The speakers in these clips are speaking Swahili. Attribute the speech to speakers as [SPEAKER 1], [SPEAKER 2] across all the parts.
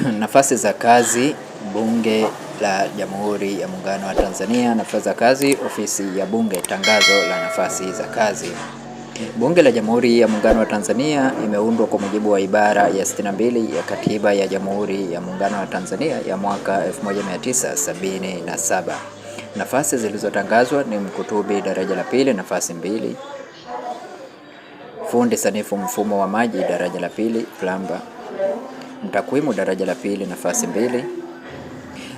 [SPEAKER 1] Nafasi za kazi Bunge la Jamhuri ya Muungano wa Tanzania. Nafasi za kazi Ofisi ya Bunge. Tangazo la nafasi za kazi. Bunge la Jamhuri ya Muungano wa Tanzania imeundwa kwa mujibu wa ibara ya 62 ya Katiba ya Jamhuri ya Muungano wa Tanzania ya mwaka 1977. Nafasi zilizotangazwa ni mkutubi daraja la pili, nafasi mbili; fundi sanifu mfumo wa maji daraja la pili, plamba Mtakwimu daraja la pili nafasi mbili.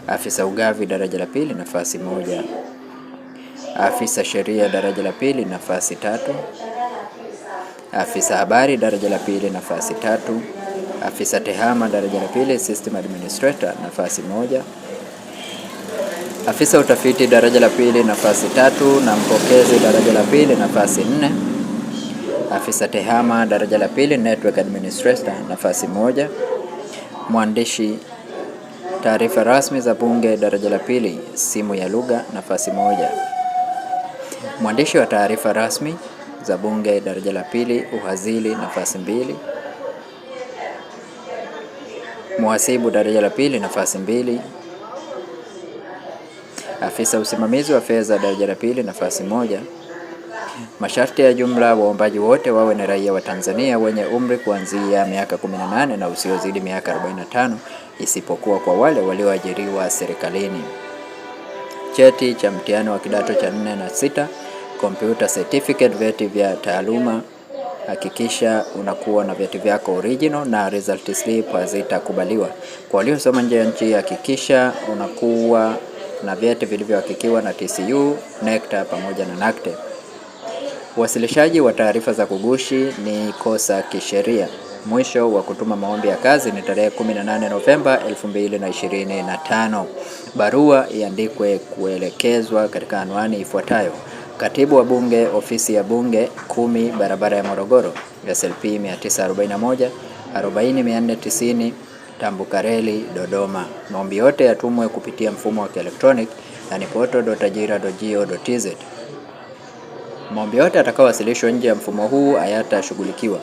[SPEAKER 1] Afisa ugavi daraja la pili nafasi moja. Afisa sheria daraja la pili nafasi tatu. Afisa habari daraja la pili nafasi tatu. Afisa tehama daraja la pili system administrator nafasi moja. Afisa utafiti daraja la pili nafasi tatu na mpokezi daraja la pili nafasi nne. Afisa tehama daraja la pili network administrator nafasi moja. Mwandishi: taarifa rasmi za Bunge daraja la pili, simu ya lugha, nafasi moja. Mwandishi wa taarifa rasmi za Bunge daraja la pili, Uhazili, nafasi mbili. Mhasibu daraja la pili, nafasi mbili. Afisa usimamizi wa fedha daraja la pili, nafasi moja. Masharti ya jumla, waombaji wote wawe ni raia wa Tanzania wenye umri kuanzia miaka 18 na usiozidi miaka 45, isipokuwa kwa wale walioajiriwa serikalini. Cheti cha mtihani wa kidato cha 4 na sita computer certificate, vyeti vya taaluma Hakikisha unakuwa na vyeti vyako original na result slip hazitakubaliwa. Kwa waliosoma nje ya nchi, hakikisha unakuwa na vyeti vilivyohakikiwa na TCU, NECTA pamoja na NACTE. Uwasilishaji wa taarifa za kugushi ni kosa kisheria. Mwisho wa kutuma maombi ya kazi ni tarehe 18 Novemba 2025. Barua iandikwe kuelekezwa katika anwani ifuatayo: Katibu wa Bunge, Ofisi ya Bunge, 10 barabara ya Morogoro, SLP 941 40490 Tambukareli, Dodoma. Maombi yote yatumwe kupitia mfumo wa kielektroniki yani poto.ajira.go.tz. Maombi yote atakayowasilishwa nje ya mfumo huu hayatashughulikiwa.